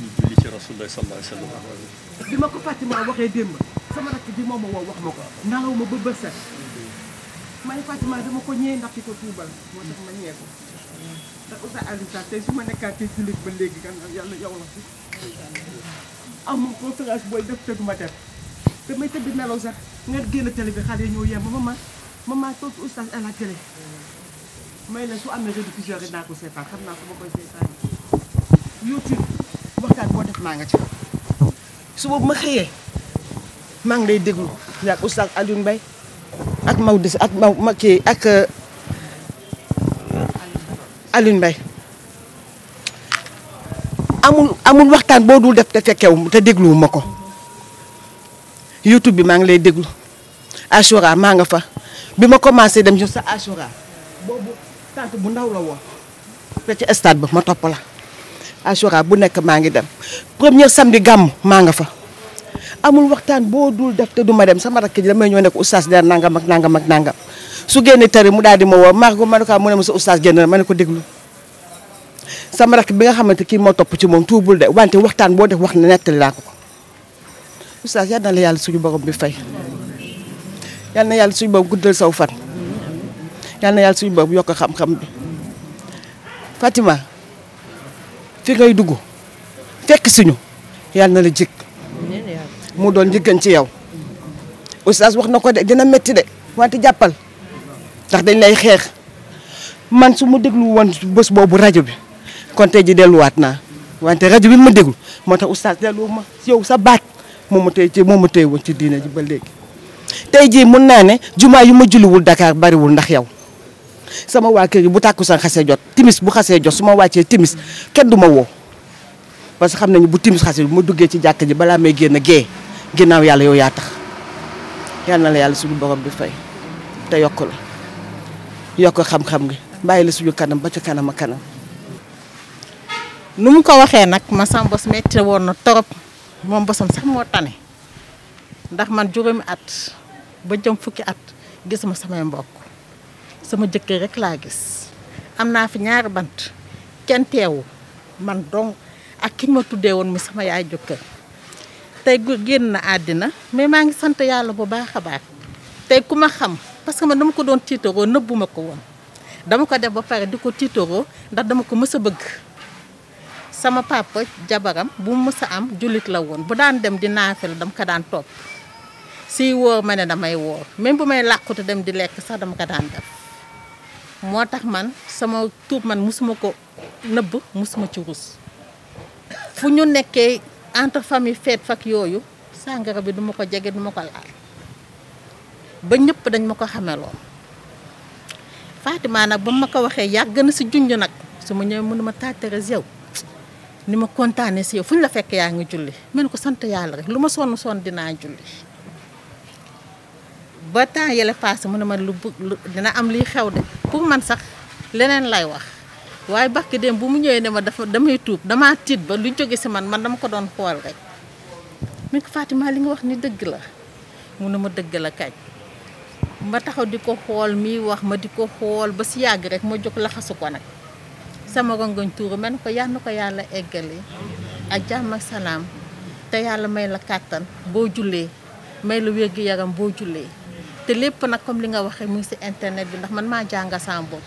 ñu julli ci rasulullah sallallahu alayhi bi ma ko Fatima waxee démb sama rakk bi moom ma woo wax ma ko nalaw ma ba bët set ma ne Fatima dama ko ñëwee ndax di ko tuubal moo tax ma ñëwee ko ndax Oustaz Alioune Sall tey su ma nekkaatee jullit ba léegi kan yàlla yow la fi amul conférence booy def tëgg ma def damay tëdd nelaw sax nga génn télé bi xale yi ñëw yem ma ma ma ma toog Oustaz à la télé may la su amee rediffusion rek naa ko seetaan xam naa su ma koy seetaan YouTube waxtaan boo def maa nga ci su boobu ma xëyee maa ngi lay déglu yaag oustaz Alioune Mbaye ak Maodo ak Maw ma kii ak euh, Alioune Mbaye amul amul waxtaan boo dul def te fekkewu te dégluwu ma ko youtube bi maa ngi lay déglu Achoura maa nga fa bi ma commencé dem ci sa Achoura boobu tante bu ndaw la woon te ci stade ba ma topp la Ashura bu nekk maa ngi dem premier samedi gàmm maa nga fa amul waxtaan boo dul def te du ma dem sama rakk ji damay ñoo nekk oustaz der nangam ak nanga ak nangam su génne tari mu daal di ma woo Margo ma ko ah, mu ne ma sa oustaz génn na ma ko déglu sama rakk bi nga xamante kii moo topp ci moom tuubul de wante waxtaan boo de wax na nettali laa ko ko oustaz yal na la yàlla suñu borom bi fay yal na yàlla suñu borom guddal sa fan yal na yàlla suñu borom yokk xam fi ngay dugg fekk si ñu yàlla na la jig mu doon njëkkan ci yow oustaz wax na ko de dina metti de wante jàppal ndax dañ lay xeex man su ma déglu woon bés boobu rajo bi kon tey ji delluwaat naa wante rajo bi ma déglu moo tax oustaz dellu ma yow sa baat moo ma tey ci moo ma tey woon ci diina ji ba léegi tey jii mun naa ne jumaa yu ma julliwul Dakar bariwul ndax yow sama waa kër yi bu tàkkusaan xasee jot timis bu xasee jot su ma wàccee timis kenn du ma woo parce que xam nañu bu timis xasee bu ma duggee ci jàkk ji balaa may génn gée ginnaaw yàlla yow yaa tax yal na la yàlla suñu borom bi fay te yokk la yokk xam-xam gi bàyyi la suñu kanam ba ca kanam a kanam. nu mu ko waxee nag ma sama bos metti woon na torop moom bosam sax moo tane ndax man juróomi at ba jëm fukki at ma samay mbokk. sama jëkkër rekk laa gis am naa fi ñaari bant kenn teewu man dong ak ki ma tuddee woon mi sama yaay jëkkër tey génn na àddina mais maa ngi sant yàlla bu baax a baax tey ku ma xam parce que dama ko doon tiitaroo nëbbu ma ko woon dama ko def ba pare di ko tiitaroo ndax dama ko mës a bëgg sama papa jabaram bu mu mës a am jullit la woon bu daan dem di naafel dam ko daan topp siy wóor ma ne damay wóor même bu may làqutu dem di lekk sax dama ko daan def moo tax man sama tuub man musuma ko nëbb musuma ci rus fu ñu nekkee entre famille fête fak yooyu sàngara bi duma ko jege duma ko laal ba ñëpp dañ ma ko xameloo Fatima nag ba ma ko waxee yàgg na si junj nag su ma ñëwee mënuma tàttare yow ni ma kontaanee si yow fu ñu la fekk yaa ngi julli man ko sant yàlla rek lu ma sonn sonn dinaa julli ba temps yële paase mu ne ma lu dina am liy xew de pour man sax leneen lay wax waaye barki dem bu mu ñëwee ne ma dafa damay tuub damaa tiit ba lu jóge si man man dama ko doon xool rek mi ko Fatima li nga wax ni dëgg la mun ne ma dëgg la kañ ma taxaw di ko xool mi wax ma di ko xool ba si yàgg rek ma jóg laxasu ko nag sama rongoñ tuuru mel ko yal na ko yàlla eggale ak jàmm ak salaam te yàlla may la kàttan boo jullee may la wér-gi-yaram boo jullee te lépp nag comme li nga waxee mu ngi si internet bi ndax man maa jàng sama bopp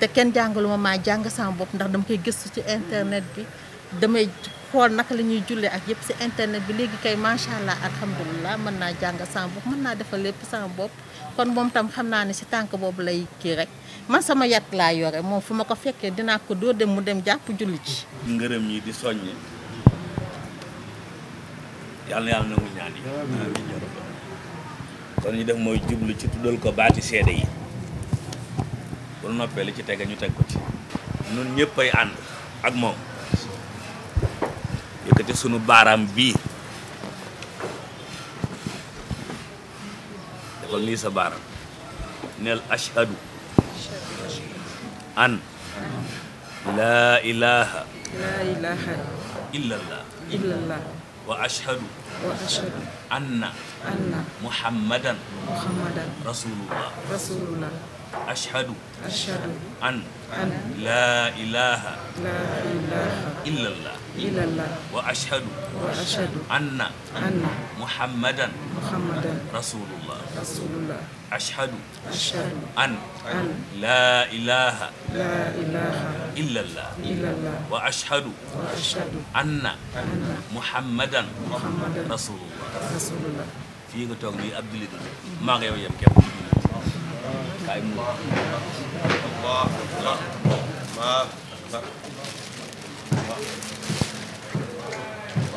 te kenn jàngalu ma maa jàng sama bopp ndax dama koy gëstu ci internet bi damay xool naka la ñuy jullee ak yëpp si internet bi léegi kay macha allah alhamdulilah mën naa jàng sama bopp mën naa defal lépp sama bopp kon moom tam xam naa ne si tànk boobu lay kii rek man sama yat laa yore moom fu ma ko fekkee dinaa ko doo dem mu dem jàpp julli ci ngërëm yi di soññe yàlla yàlla kon ñu def mooy jublu ci tuddal ko baati seede yi bu noppee li ci tege ñu teg ko ci nun ñëpp ay ak moom yëkkati sunu baaraam bi defal nii sa baaraam neel ashhadu an laa ilaha illallah wa ashhadu wa ashhadu anna anna muhammadan muhammadan rasulullah rasulullah ashhadu ashhadu an an laa ilaha illallah إلى الله وأشهد وأشهد أن أن محمدا محمدا رسول الله رسول الله أشهد أشهد أن أن لا إله لا إله إلا الله إلا الله وأشهد وأشهد أن محمدا محمدا رسول الله رسول الله fii nga toog nii Abdoulaye Dodo maa ngi yow yem képp kaay mu Allah Allah Allah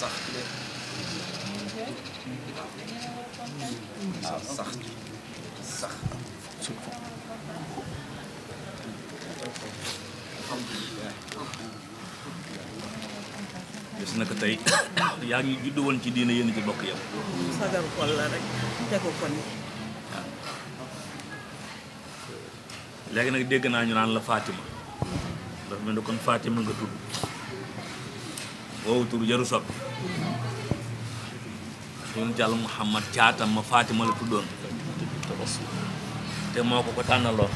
sax na ko tey yaa ngi juddu ci diine yéen ci bokk yam nag dégg naa ñu naan la Fatima dafa mel ni kon Fatima nga tudd woowu tur jaru soppi yoon jàll Mouhamad caatam ma Fatima la tuddoon te moo ko ko tànnaloon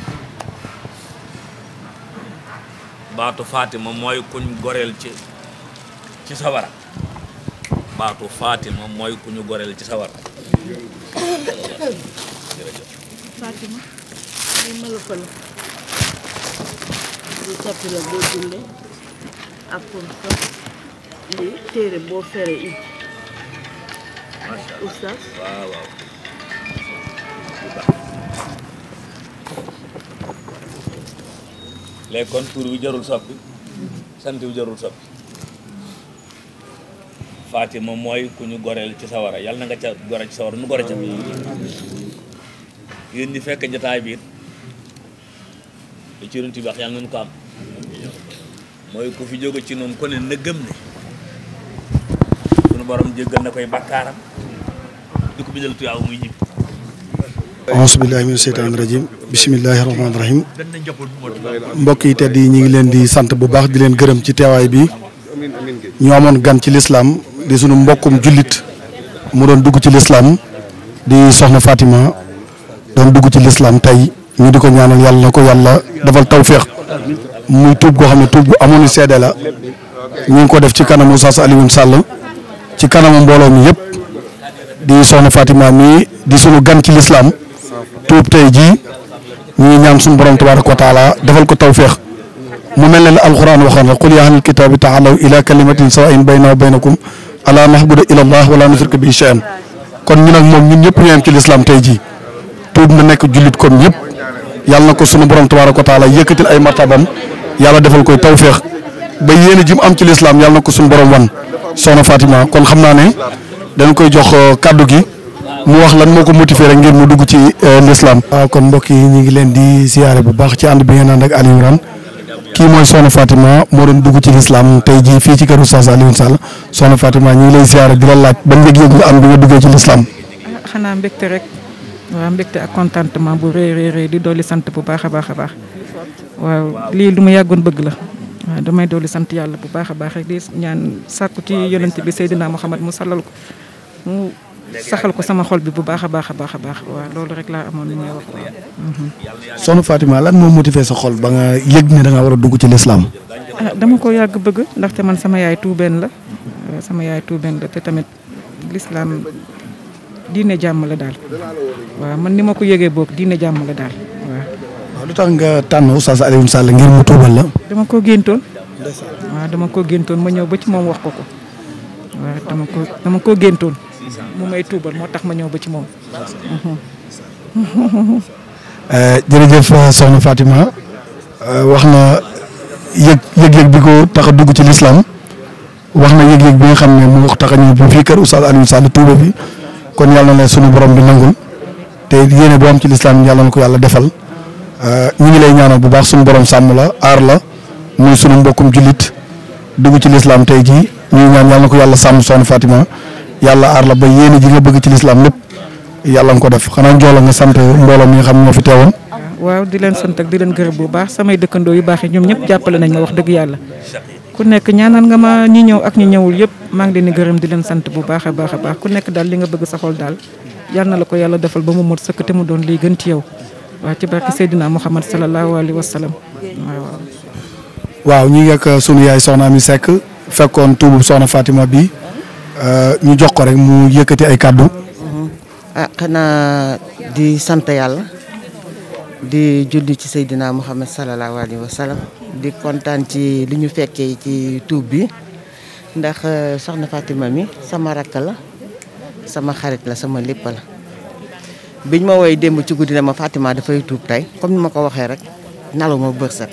baatu Fatima mooy kuñ goreel ci ci sawara baatu Fatima mooy kuñu goreel ci sawara Fatima lii ma la ko la lii tappi la boo jullee ak kon lii téere boo fere it oustaz waaw waaw kon tur bi jarul soppi sant bi jarul soppi Fatima mooy ku ñu goreel ci sawara yàlla na nga ca gore ci sawara nu gore ca yéen ñi fekk jotaay biir lu ci runti bi wax yàlla nañu ko am mooy ku fi jóge ci noonu ko ne ne borom jéggal na ko bindal tuyaaw muy ñib auzu billaahi mina bismillaahi rahmaani rahiim mbokk yi tedd ñu ngi leen di sant bu baax di leen gërëm ci teewaay bi ñu amoon gan ci lislaam di sunu mbokkum jullit mu doon dugg ci lislaam di soxna Fatima doon dugg ci lislaam tey ñu di ko ñaanal yàlla na ko yàlla defal tawféex muy tuub goo xam ne tuub bu amoon seede la ñu ngi ko def ci kanamu Oustaz Alioune Sall ci kanamu mbooloo mi yëpp di soxna Fatima mii di suñu gan ci lislaam tuub tey jii ñuy ñaan suñu borom tabaaraka wa taala defal ko tawféex mu mel ne la alxuraan waxoon rek qul yaa ahlal kitaabi taalaw ila kalimatin sawaa'in baynana wa baynakum alaa na'buda illallah wa laa nushrika bihi shay'an kon ñu ak moom ñun ñëpp ñu yem ci lislaam tey jii tuub na nekk jullit kon ñëpp yàlla na ko suñu borom tabaaraka wa taala yëkkatil ay martabam yàlla defal koy tawféex ba yéene ji am ci lislaam yàlla ko sunu borom wan. soxna Fatima kon xam naa ne dañ koy jox euh, kàddu gi mu wax lan moo ko motivé rek ngir mu dugg ci euh, l'islam. kon mbokk yi ñu ngi leen di siyaare bu baax ci ànd bi ngeen ànd ak Aliou Imran kii mooy soxna Fatima moo doon dugg ci l'islam tey jii fii ci këru kër Oustaz Alioune Sall soxna Fatima ñu ngi leen siyaare di la laaj ban yëg-yëg nga am bi nga duggee ci l'islam. Ah, xanaa mbégte rek waaw mbégte ak contentement bu rëy rëy di dolli sant bu baax a baax a baax waaw lii lu mu yàggoon bëgg la. waaw damay dolli sant yàlla bu baax a baax rek di ñaan sàkku ci yonent bi Seydina Muhammad mu sallal ko mu saxal ko sama xol bi bu baax a baax a baax a baax loolu rek laa amoon lu ñuy wax waaw. Mhm. lan moo motivé sa xol ba nga yëg da nga war a dugg ci lislaam ah, dama ko yàgg bëgg ndaxte man sama yaay tuubeen la ah, sama yaay tuubeen la te tamit lislaam diine jàmm la daal waaw ni ma ko yëgee boog diine jàmm la daal. waaw tax nga tànn Oustaz Alioune Sall ngir mu tuubal la. dama koo géntoon. dama ko géntoon ma ñëw ba ci moom wax ko ko waaw dama ko dama ko géntoon mu may tuubal moo tax ma ñëw ba ci moom. Euh, jërëjëf euh, soxna Fatima euh, wax na yëg bi ko tax dugg ci lislaam wax na yëg-yëg bi nga xam ne moo tax a ñëw bu fii kër Oustaz Alioune Sall tuuba bi kon yàlla na leen sunu borom bi nangul te yéene boo am ci lislaam yàlla na ko yàlla defal. Euh, ñu ngi lay ñaanal bu baax suñu borom sàmm la aar la muy suñu mbokkum jullit dugg ci lislaam tey jii ñuy ñaan yàlla na ko yàlla sàmm soxna Fatima yàlla aar la ba yéene ji nga bëgg ci lislaam lépp yàlla nga ko def xanaa njoola nga sant mbooloo mi nga xam ne moo fi teewoon. waaw di leen sant ak di leen gërëm bu baax samay dëkkandoo yu baax yi ñoom ñëpp jàppale nañ ma wax dëgg yàlla ku nekk ñaanal nga ma ñi ñëw ak ñu ñëwul yëpp maa ngi leen di gërëm di leen sant bu baax a ku nekk daal li nga bëgg sa daal yàlla na la ko yàlla defal ba mu mot sëkk te mu doon lii gën ci yow waa ci barke Seydina Muhammad sallallahu alayhi wa sallam waaw. ñu ngi ak uh, sunu yaay soxna Amy Seck fekkoon tuubu soxna Fatima bi uh, ñu jox ko rek mu yëkkati ay kàddu. ah xanaa di sant yàlla di julli ci Seydina Muhammad sallallahu alayhi wa sallam di kontaan ci li ñu fekkee ci tuub bi ndax uh, soxna Fatima mi sama rakk la sama xarit la sama lépp la. biñ ma woy démb ci guddi na ma Fatima dafay tuub tey comme ni ma ko waxee rek nalu ma bërsët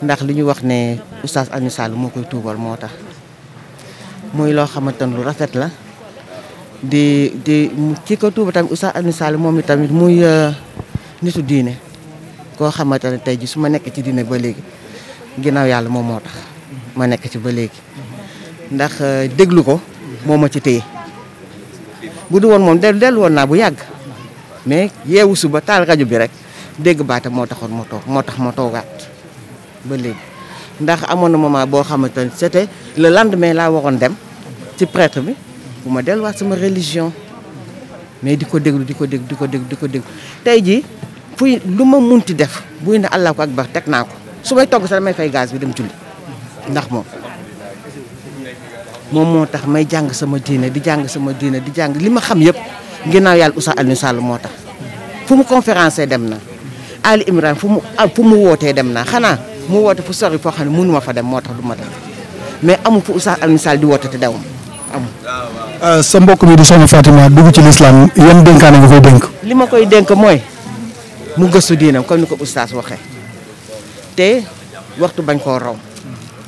ndax li ñu wax ne oustaz Alioune Sall moo koy tuubal moo tax muy loo xamante ne lu rafet la di di ci ko tuuba tamit oustaz Alioune Sall moom itamit muy euh, nitu diine koo xamante ne tey ji su ma nekk ci diine ba léegi ginnaaw yàlla moom moo tax ma nekk ci ba léegi ndax euh, déglu ko moo ma ci téye bu du woon moom dellu woon naa bu yàgg mais yeewu suba taal rajo bi rek dégg baata moo taxoon ma toog moo tax ma toogaat ba léegi ndax amoon na moment boo xamante ne c'était le lendemain laa waroon dem ci prêtre bi bu ma delluwaat sama religion mais di ko déglu di ko déglu di ko déglu di ko déglu tey jii fuy lu ma munti def buy ne allah ko akbar teg naa ko su may togg sax damay fay bi dem julli ndax moom moom moo tax may jàng sama diine di jàng sama diine di jàng li ma xam yëpp ginnaaw yàlla Oustaz Alioune moo tax fu mu conférencé dem na Ali Imran fu mu ah, fu mu wootee dem naa xanaa mu woote fu sori foo xam ne mënu fa dem moo tax du ma dem mais amul fu Oustaz Alioune di woote te dawam amul. Euh, sa mbokk mi di soxna Fatima dugg ci lislaam yan dénkaane nga koy dénk. li ma koy dénk mooy mu gëstu diinam kon ni ko Oustaz waxee te waxtu bañ koo raw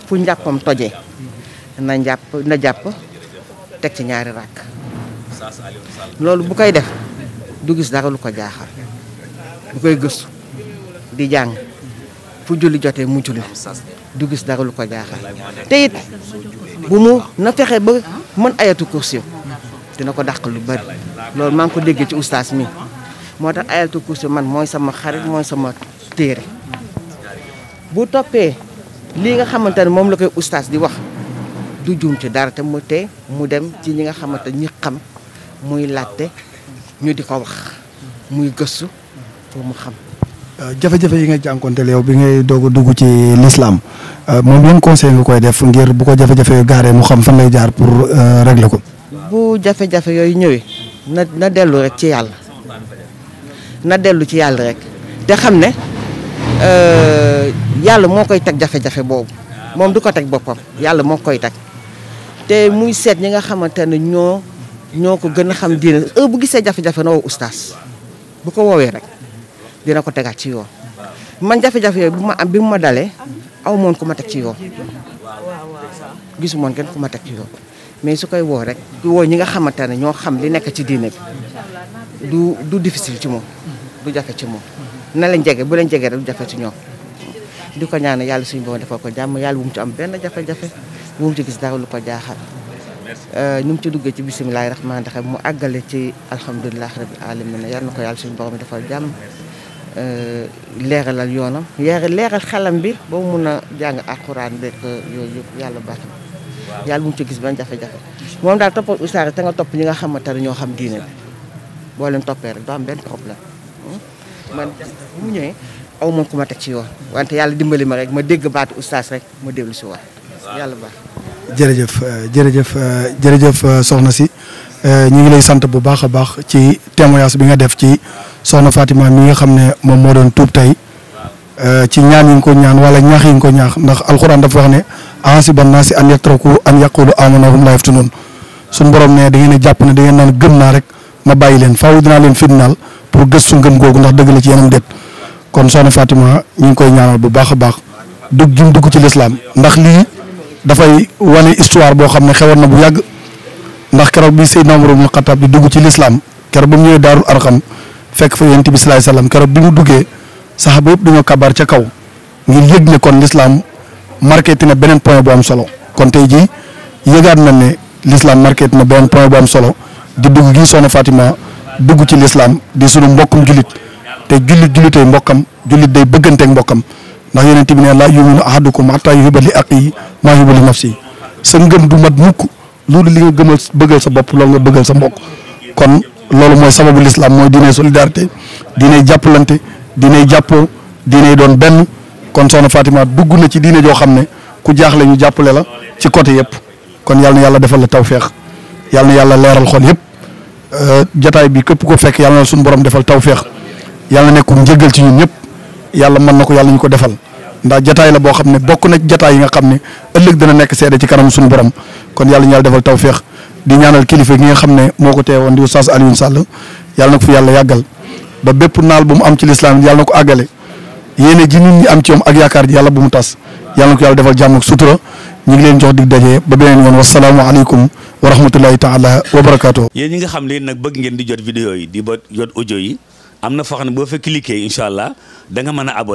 fu njàppam tojee na njàpp na jàpp teg ci ñaari rakk. loolu bu koy def du gis dara lu ko jaaxal bu koy gëstu di jàng fu julli jotee mu julli du gis dara lu ko jaaxal te bu mu na fexe ba mën ayatu kursi dina ko daq lu bari loolu maa ngi ko déggee ci ustaas mi moo tax ayatu kursi man mooy sama xarit mooy sama téere bu toppee lii nga xamante ne moom la koy ustaas di wax du juum ci dara te mu tey mu dem ci ñi nga xamante ñi xam muy laajte ñu di ko wax muy gëstu pour mu xam. Euh, jafe-jafe yi nga jànkonteel yow bi ngay doog a dugg ci lislaam euh, moom yan conseil nga koy def ngir bu ko jafe-jafe yooyu gaaree xam fan lay jaar pour euh, régler ko. bu jafe-jafe yooyu ñëwee na na dellu rek ci yàlla na dellu ci yàlla rek te xam ne yàlla moo koy teg jafe-jafe boobu moom du ko teg boppam yàlla moo koy teg te muy seet ñi nga xamante ne ñoo. ñoo ko gën a xam diine heure bu gisee jafe-jafe na woo oustaz bu ko woowee rek dina ko tegaat ci yoon man jafe-jafe bu ma am bi mu ma dalee aw moon ku ma teg ci yoon gisu moon kenn ku ma teg ci yoo mais su koy woo rek woo ñi nga xamante ne ñoo xam li nekk ci diine du du difficile ci moom du jafe ci moom na leen jege bu leen jege rek jafe ci ñoom di ko ñaan yàlla suñu boobu defal ko jàmm yàlla bu ci am benn jafe-jafe bu ci gis dara lu ko jaaxal Euh, nu mu ci duggee ci bisimilahi rahmaani rahiim mu àggale ci alhamdulilahi rabil alamina yal na ko yàlla suñ borom bi defal jàmm euh, leeralal yoonam leer leeral xelam bi ba mu mun a jàng alxuraan beeg yooyu yëpp yàlla baax bu mu ci gis benn jafe-jafe moom daal toppal ustaar te nga topp ñi nga xamante ne ñoo xam diine bi boo leen toppee rek doo am benn problème hmm? man mu ñëwee aw moom ku ma teg ci yoon wante yàlla dimbali ma rek ma dégg baatu ustaas rek ma déglu si waat yàlla baax jërëjëf euh, jërëjëf euh, jërëjëf euh, soxna si ñu ngi lay sant bu baax a baax ci témoignage bi nga def ci soxna Fatima mi nga xam ne moom moo doon tuub tey ci ñaan yi ko ñaan wala ñaax yi ko ñaax ndax alxuraan dafa wax ne ahasiba naasi an yatraku an yaqulu aamanaa wa hum laa yaftanuun suñu borom ne da ngeen a jàpp ne da ngeen naan gëm naa rek ma bàyyi leen faaw dinaa leen fitnaal pour gëstu ngëm googu ndax dëgg la ci yeneen déet kon soxna Fatima ñu ngi koy ñaanal bu baax a baax dugg jum dugg ci lislaam ndax lii dafay wane histoire boo xam ne xewoon na bu yàgg ndax keroog bi Seydina Umar ibn Xattaab di dugg ci lislaam keroog ba mu ñëwee Daarul Arxam fekk fa yonent bi salaay salaam keroog bi mu duggee saxaaba yëpp dañoo kabaar ca kaw ngir yëg ne kon lislaam marqué na beneen point bu am solo kon tey ji yëgaat na ne lislaam marqué na beneen point bu am solo di dugg gi soxna Fatima dugg ci lislaam di sunu mbokkum jullit te jullit jullitay mbokkam jullit day bëgganteeg mbokkam ndax yonent bi ne laa yuminu ahadukum hatta yuhibba li axiihi maa yuhibbu li si sa ngëm du mat mukk loolu li nga gëmal bëggal sa bopp loolu nga bëggal sa mbokk kon loolu mooy sababu lislaam mooy diine solidarité diine jàppalante diine jàppoo diine doon benn kon soxna Fatima dugg na ci diine joo xam ne ku jaaxle ñu jàppale la ci côté yëpp kon yal na yàlla defal la tawféex yal na yàlla leeral xol yëpp euh, jataay bi képp ko fekk yal na suñu borom defal tawféex yal na nekkum njëggal ci ñun ñëpp. yàlla mën na ko yàlla ñu ko defal ndax jataay la boo xam ne bokk na jataay yi nga xam ne ëllëg dana nekk seede ci kanam suñu borom kon yàlla ñu yàlla defal tawféex di ñaanal kilifa gi nga xam ne moo ko teewoon di Oustaz Alioune Sall yàlla na ko fi yàlla yàggal ba bépp naal bu mu am ci lislaam yàlla na ko àggale yéene ji nit ñi am ci moom ak yaakaar ji yàlla bu mu tas yàlla na ko yàlla defal jàmm ak sutura ñu ngi leen jox dig daje ba beneen yoon wasalaamaaleykum wa rahmatullahi taala wa barakaatu. yéen ñi nga xam ne nag bëgg ngeen di jot vidéo yi di ba jot audio yi am na foo xam ne boo fekk cliquer incha allah da nga mën a